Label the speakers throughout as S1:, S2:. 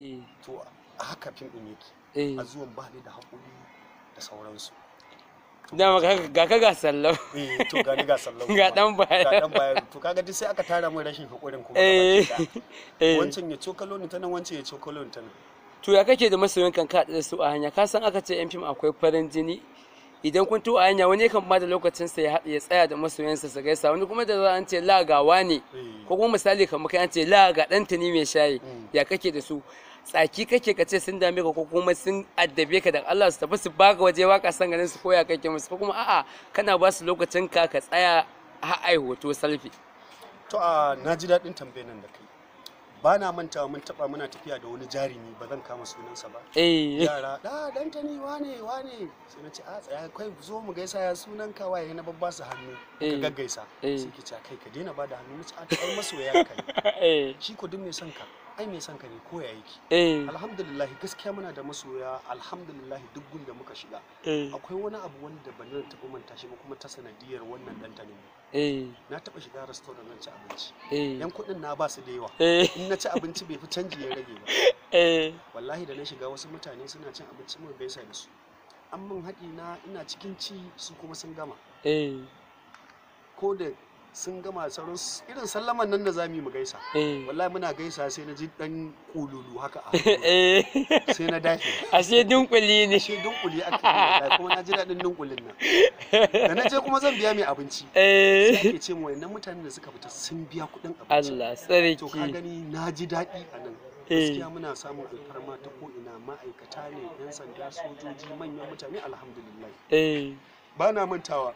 S1: Eh. to haka fim din yake eh. a zuwan ba ni da haƙuri da sauransu
S2: dama ga ka ga sallau eh, to ga ni ga sallau ga dan baya ga dan baya
S1: to kaga duk sai aka tara mun rashin haƙurin kuma wancan ya cokalo ni ta nan wancan ya cokalo ni ta nan
S2: to ya kake da masoyan kan ka da su a hanya ka san aka ce yan fim akwai farin jini idan kun to a hanya wani kan ba da lokacinsa ya ya tsaya da masoyansa su gaisa wani kuma da za an ce la ga ne ko kuma misali kamar kai an ce la ga ɗanta ne mai shayi mm. ya kake da su tsaki kake ka ce sun dame ka ko kuma sun addabe ka dan Allah su tafi su baka waje waka san ganin su koya kake musu kuma a'a kana ba su lokacin ka ka tsaya ai hoto salfi
S1: to a na ji daɗin tambayen nan da kai ba na manta mun taba muna tafiya da wani jarumi ba zan kama sunansa ba
S2: eh. yara
S1: da dan tani wane wane sai na ce a tsaya kai zo mu gaisa ya sunan ka waye na babba su hannu ka eh. gaggaisa eh. sai ki ce kai ka daina ba da hannu mu ci a kai masoya kai shi ko duk mai son ka ai mai son ka ne ko ya yi eh alhamdulillah gaskiya muna da masoya alhamdulillah duk gun da muka shiga eh. akwai wani abu wanda ban nan taɓa manta shi ba kuma ta sanadiyar wannan dan ta eh na taɓa shiga restaurant nan ci abinci eh. yan kuɗin na ba su da yawa eh. in na ci abinci bai fi canji ya rage ba wallahi da na shiga wasu mutane suna cin abinci mun gaisa da su an mun haɗi na ina cikin ci su kuma sun gama ko da sun gama sauran irin sallaman nan da za mu gaisa eh. wallahi muna gaisa sai na ji dan kululu haka a
S2: eh. sai na dafi sai dunkuli ne shi dunkuli aka kuma na ji dadin dunkulin nan da na je kuma zan biya mai abinci eh.
S1: sai ce mu wayannan mutanen da suka fita sun biya kuɗin abinci Allah sarki to ka gani na ji daɗi a nan gaskiya muna samun alfarma ta ko ina ma'aikata ne yan sanda sojoji manyan mutane alhamdulillah ba na mantawa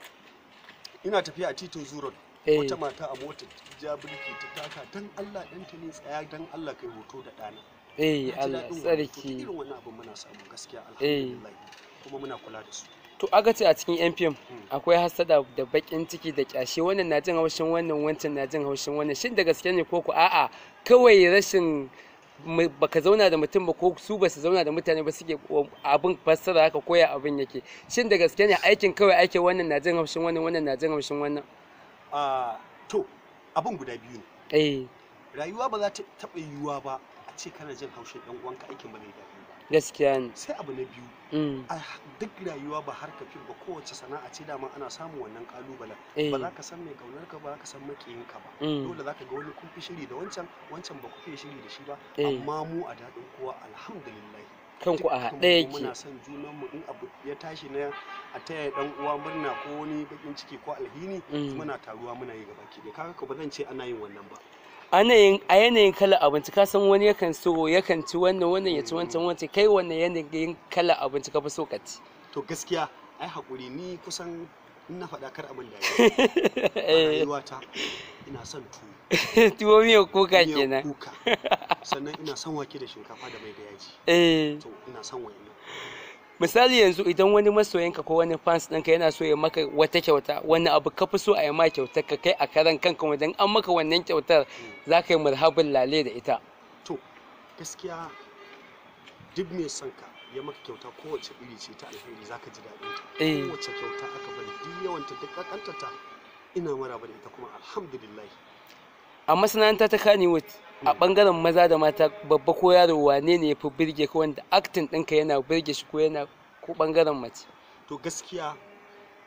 S1: ina tafiya a titin zuro wata eh. mata a mota ta birki ta taka dan Allah ɗanta ne tsaya dan Allah kai hoto da ɗana
S2: eh Allah tsarki irin
S1: wannan abin muna samu gaskiya eh. alhamdulillah kuma muna kula da su
S2: to aga a cikin npm hmm. akwai hasada da bakin ciki da kyashe wannan na jin haushin wannan wancan na jin haushin wannan shin da gaske ne koko a'a kawai rashin baka zauna da mutum ba ko su ba su zauna da mutane ba suke abin fassara haka koya abin yake shin da gaske ne aikin kawai aikin wannan na jin haushin wannan wannan na jin haushin wannan to abin guda biyu ne eh. rayuwa ba za ta taɓa yiwuwa ba a ce kana jin haushin ɗan
S1: uwanka aikin ba mai daɗi
S2: ba gaskiya ne sai abu na biyu mm. a
S1: duk rayuwa ba har ka ba kowace sana'a ce dama ana samun wannan kalubalen eh. ba za ka san mai kaunar ka ba za ka san makiyin ka ba mm. dole za ka ga wani kun fi shiri da wancan wancan ba ku fi shiri da shi ba eh. amma mu a daɗin kowa alhamdulillah
S2: kanku a haɗe yake muna
S1: son junan mu in abu ya tashi na a taya dan uwa murna ko wani bakin ciki ko alhini mm. muna taruwa muna yi gabaki da kaga ka ba zan
S2: ce ana yin wannan ba a yanayin kala abinci ka san wani yakan so yakan ci wannan wannan ya ci wancan mm. wancan kai wannan yanayin kala abinci ka fi so ka ci to gaskiya ai
S1: hakuri ni kusan in na faɗa kar abin da ya yi rayuwata ina son tuwo
S2: tuwo miyan kuka kenan
S1: sannan ina son wake da shinkafa da mai da yaji eh to ina son wani
S2: misali yanzu idan wani masoyinka ko wani fans ɗinka yana so ya maka wata kyauta wani abu ka fi so a yi ma kyautar ka kai a karan kanka wajen an maka wannan kyautar hmm. za ka yi murhabin lale da ita to
S1: gaskiya duk mai son ka ya maka kyauta kowace iri ce ta alheri za ka ji daɗin ta eh. kowace kyauta aka bari duk yawanta duk kakantata ina maraba da ita kuma alhamdulillah
S2: a masana'anta ta kanewood a bangaren maza da mata babba ko yaro wane ne ya fi birge ko wanda aktin ɗinka yana birge shi ko yana ko bangaren mace to gaskiya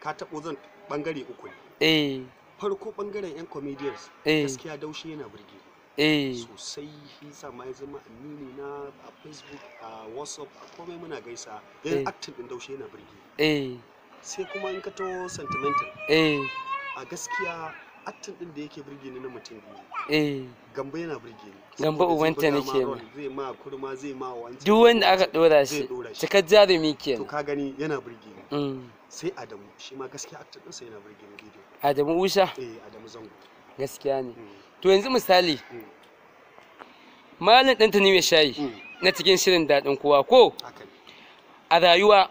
S2: ka taɓo zan bangare uku ne eh farko bangaren yan comedians eh. gaskiya
S1: daushi yana birge
S2: eh sosai
S1: shi ma ya zama amini na a facebook a whatsapp a komai muna gaisa yan eh. aktin ɗin daushi yana birge eh sai kuma in ka to sentimental eh a gaskiya actin din da yake ni na mutum biyu eh gamba yana ni gamba zai ma kurma zai ma duk wanda aka dora shi
S2: cikar jarumi ke to ka gani yana ni mm. sai adamu shi ma gaskiya din yana ni adamu usha eh adamu zango gaskiya ne mm. to yanzu misali mm. malam ɗanta ne mai shayi na cikin shirin daɗin kowa ko a rayuwa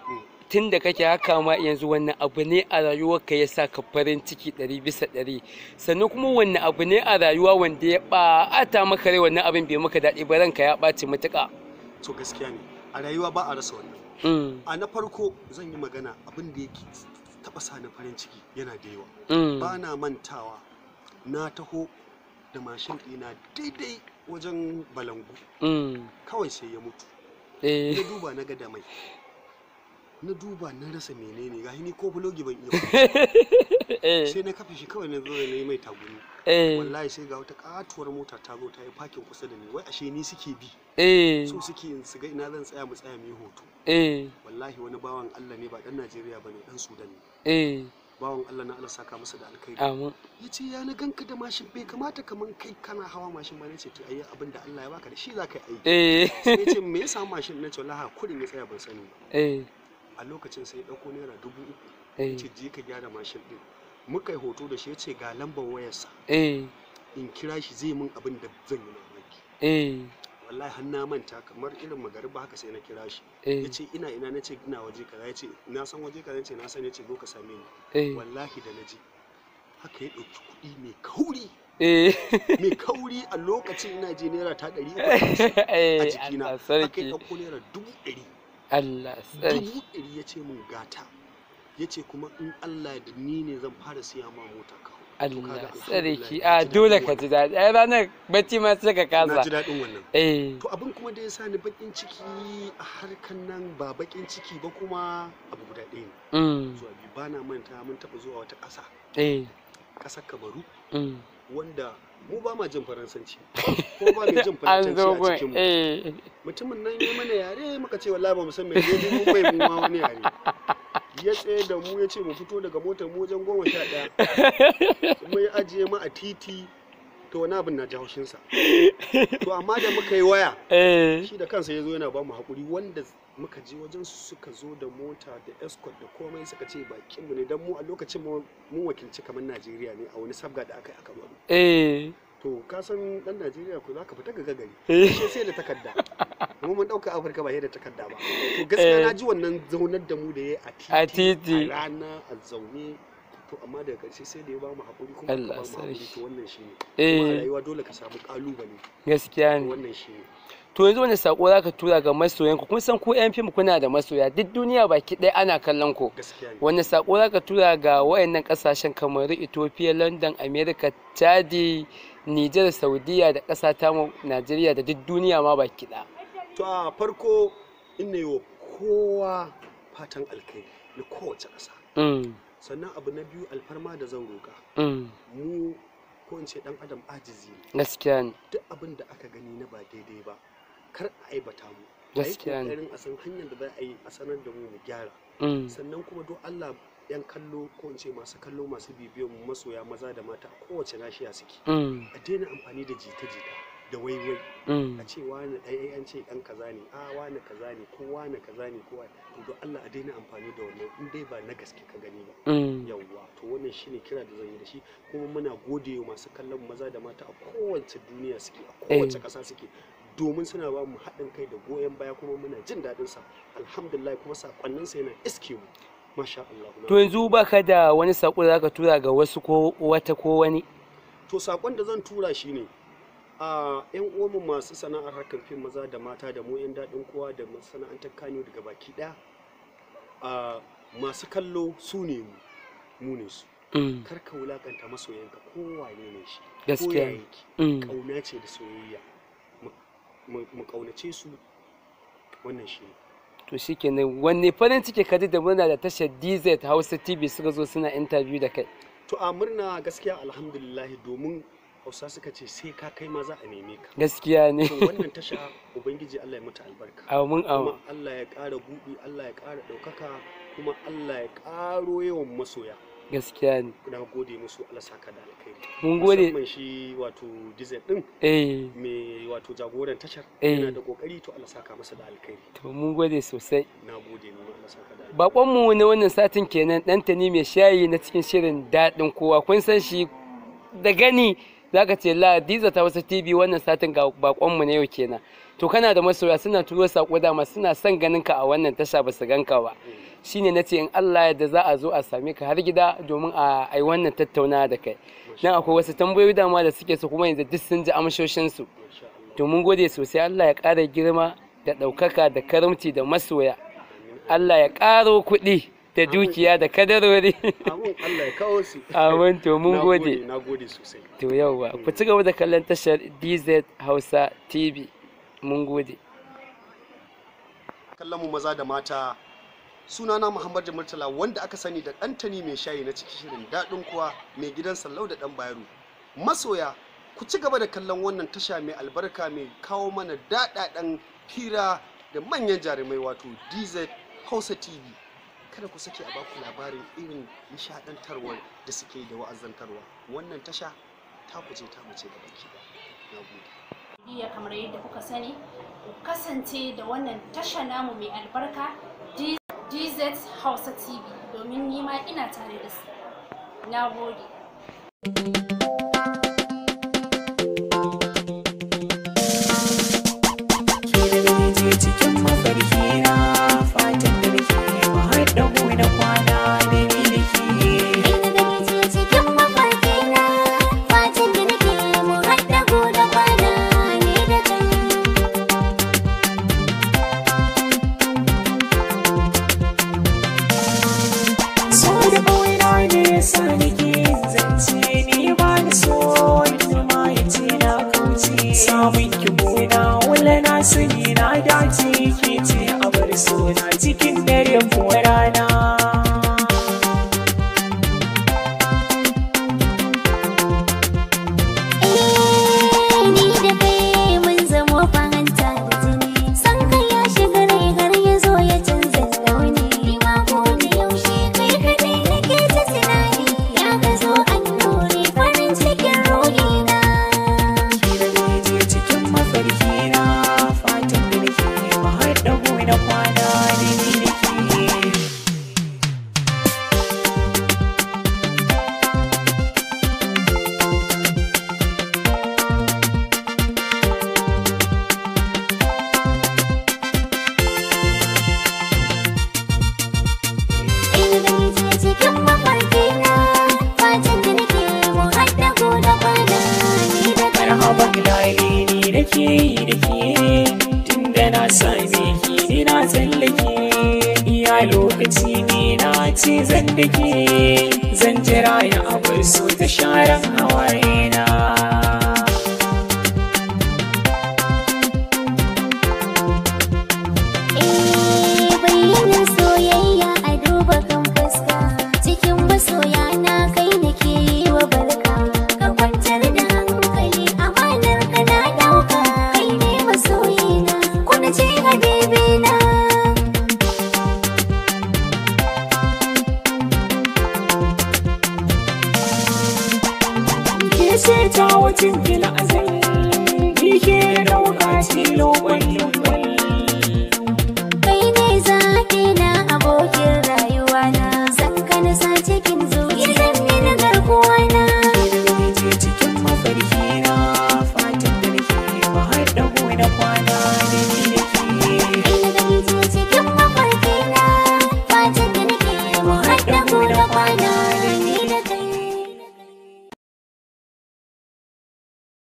S2: tun da kake haka ma yanzu wannan abu ne a ka ya sa ka farin ciki ɗari bisa ɗari sannan kuma wannan abu ne a rayuwa wanda ya ɓata maka rai wannan abin bai maka daɗi ba ranka ya ɓaci matuƙa
S1: to gaskiya ne a rayuwa ba a rasa wannan mm. a na farko zan yi magana abin da yake taɓa sa ni farin ciki yana da yawa mm. ba na mantawa na taho da mashin ɗina daidai wajen balangu mm. kawai sai ya mutu eh. na duba na ga da mai na duba na rasa menene gashi ni ko blogi ban iya sai na kafa shi kawai na zo na mai tagumi eh. wallahi sai ga wata katuwar mota ta zo ta yi fakin kusa da ni wai ashe ni suke bi
S2: eh. su suke
S1: in su ga ina zan tsaya mu tsaya mu yi hoto eh. wallahi wani bawan Allah ne ba dan Najeriya bane dan Sudan ne bawan Allah na Allah saka masa da alkhairi amin yace ya na ganka da mashin bai kamata kaman kai kana hawa mashin ba ne ce to ayi abin da Allah ya baka da shi za yi eh sai ce me yasa mashin na wallahi kurin ya tsaya ban sani ba a lokacin sai ɗauko naira dubu uku eh. ce je ka gyara mashin ɗin muka yi hoto da shi ya ce ga lambar wayarsa eh. in kira shi zai min abin da zan yi mamaki eh. wallahi har na manta kamar irin magariba haka sai na kira shi ya ce ina ina na ce ina waje kaza ya ce na san waje kaza ya ce na san ya ce zo ka same ni wallahi da na je haka ya ɗauki kuɗi mai kauri mai kauri a lokacin ina je naira ta ɗari
S2: a jikina haka ya ɗauko naira dubu ɗari Allah sarki
S1: dubu ya ce mun gata ya ce kuma in Allah da ni ne zan fara siya ma mota kawo
S2: Allah sarki a ah, dole ka ji daɗi ai ranar bacci ma sai ka kasa na ji daɗin wannan eh to
S1: abin kuma da ya sa ni bakin ciki a harkan nan ba bakin ciki ba kuma abu guda ɗaya ne mm. zuwa bi bana manta mun taɓa zuwa wata ƙasa eh ƙasar Kabaru mm. wanda mu ba ma jin faransanci ko ba mai jin faransanci a cikin mu eh. mutumin nan ya mana yare muka ce wallahi ba mu san me ne mu bai mu ma wani yare ya tsaye da mu ya ce mu fito daga motar mu wajen goma sha ɗaya mu ya ajiye mu a titi to wani abin na ji haushinsa to amma da muka yi waya eh. shi da kansa ya zo yana ba mu haƙuri wanda muka je wajen suka zo da mota da escort da komai suka ce bakin mu ne dan mu a lokacin mu wakilci kamar najeriya ne a wani sabga da aka yi a kamaru
S2: eh.
S1: to ka san dan najeriya ku zaka fita ga gari eh. shi sai da takarda mu mun dauka afirka ba da takarda ba to gaskiya na ji wannan zaunar da mu da yayi a titi a rana a zaune to amma daga ƙarshe sai da ya ba mu haƙuri kuma ba mu haƙuri to wannan shi ne eh rayuwa dole ka samu ƙalubale
S2: gaskiya ne wannan shi ne to yanzu wani sako zaka tura ga masoyan ku kun san ku yan fim kuna da masoya duk duniya baki ɗaya ana kallon ku wani sako zaka tura ga wayannan kasashen kamar Ethiopia London America Chadi Niger Saudiya da ƙasa ta mu Najeriya da duk duniya ma baki ɗaya
S1: to a farko ina yi wa kowa fatan alkhairi na kowace ƙasa mm. sannan abu na biyu alfarma da zan roka mm. mu ko in ce dan adam ajizi ne gaskiya ne duk abin da aka gani na ba daidai ba kar a aibata mu
S2: gaskiya ne
S1: a san hanyar da za a yi a sanar da mu mu gyara mm. sannan kuma duk Allah yan kallo ko in ce masu kallo masu bibiyan masoya maza da mata kowace nashiya suke mm. a daina amfani da jita-jita da waiwai mm. a ce wani ɗaya an ce ɗan kaza ne a wani kaza ne ko wani kaza ne ko to don Allah a daina amfani da wannan in dai ba na gaske ka gani ba mm. yawwa to wannan shine kira da zan yi da shi kuma muna gode wa masu kallon maza da mata a kowace duniya suke a eh. kowace ƙasa suke domin suna ba mu haɗin kai da goyon baya kuma muna jin daɗin sa alhamdulillah kuma sakonninsa yana iske mu masha Allah to yanzu
S2: baka da wani sako da zaka tura ga wasu ko wata ko wani
S1: to sakon da zan tura shine yan uwanmu masu sana'ar harkar fim maza da mata da mu yan daɗin kowa da masana'antar kano daga baki ɗaya a masu kallo su ne mu mu ne su mm. kar ka wulakanta masoyanka ko wane ne shi
S2: gaskiya yake mm.
S1: ƙauna ce da soyayya mu ƙaunace su wannan shi ne
S2: to shikenan wanne farin ciki ka da murna da tashar DZ Hausa TV suka zo suna interview da kai
S1: to a murna gaskiya alhamdulillah domin hausa suka ce sai ka kai ma za a neme ka
S2: gaskiya ne wannan tasha
S1: ubangiji Allah ya mata albarka
S2: amin amin kuma
S1: Allah ya ƙara buɗi Allah ya ƙara ɗaukaka kuma Allah ya ƙaro yawan masoya
S2: gaskiya ne
S1: na gode musu Allah saka da alkhairi mun gode musamman shi wato dizel din eh me wato jagoran tashar eh. yana da kokari to Allah saka masa
S2: da alkhairi to mun gode sosai na gode mu Allah saka da alkhairi bakon mu na wannan satin kenan dan tani mai shayi na cikin shirin dadin kowa kun san shi da gani zaka ce la diza ta wasu tv wannan satin ga bakon mu na yau kenan to kana da masoya suna turo sako dama suna son ganin ka a wannan tasha ba su ganka ba shine ce in Allah yadda za a zo a same ka har gida domin a ai wannan tattauna da kai nan akwai wasu tambayoyi dama da suke su kuma yanzu duk sun ji amshoshin su to mun gode sosai Allah ya ƙara girma da ɗaukaka da karamci da masoya Allah ya ƙaro kuɗi da dukiya da kadarori amin
S1: Allah to mun gode
S2: ku ci gaba da kallon tashar DZ Hausa TV mun gode
S1: kallon mu maza da mata sunana Muhammadu Murtala wanda aka sani da ɗantani mai shayi na cikin shirin daɗin kuwa mai gidan Sallau da ɗan Bayero masoya ku ci gaba da kallon wannan tasha mai albarka mai kawo mana daɗaɗen hira da manyan jarumai wato DZ Hausa TV kada ku sake a baku labarin irin nishadantarwar da suke da wa'azantarwa wannan tasha ta kuce ta
S2: mace da baki ba na gode kamar yadda kuka sani ku kasance da wannan tasha namu mai albarka DZ Hausa TV domin nima ina tare da su. Na gode.
S1: bagdadi ni da ke yi da ke tun na same ki ni na tsallake iya lokaci ne na ce zan da
S2: ke zan jira ya abar so ta sharan hawaye na eh, soyayya a duba kan fuska cikin masoya na kai nake yi wa barka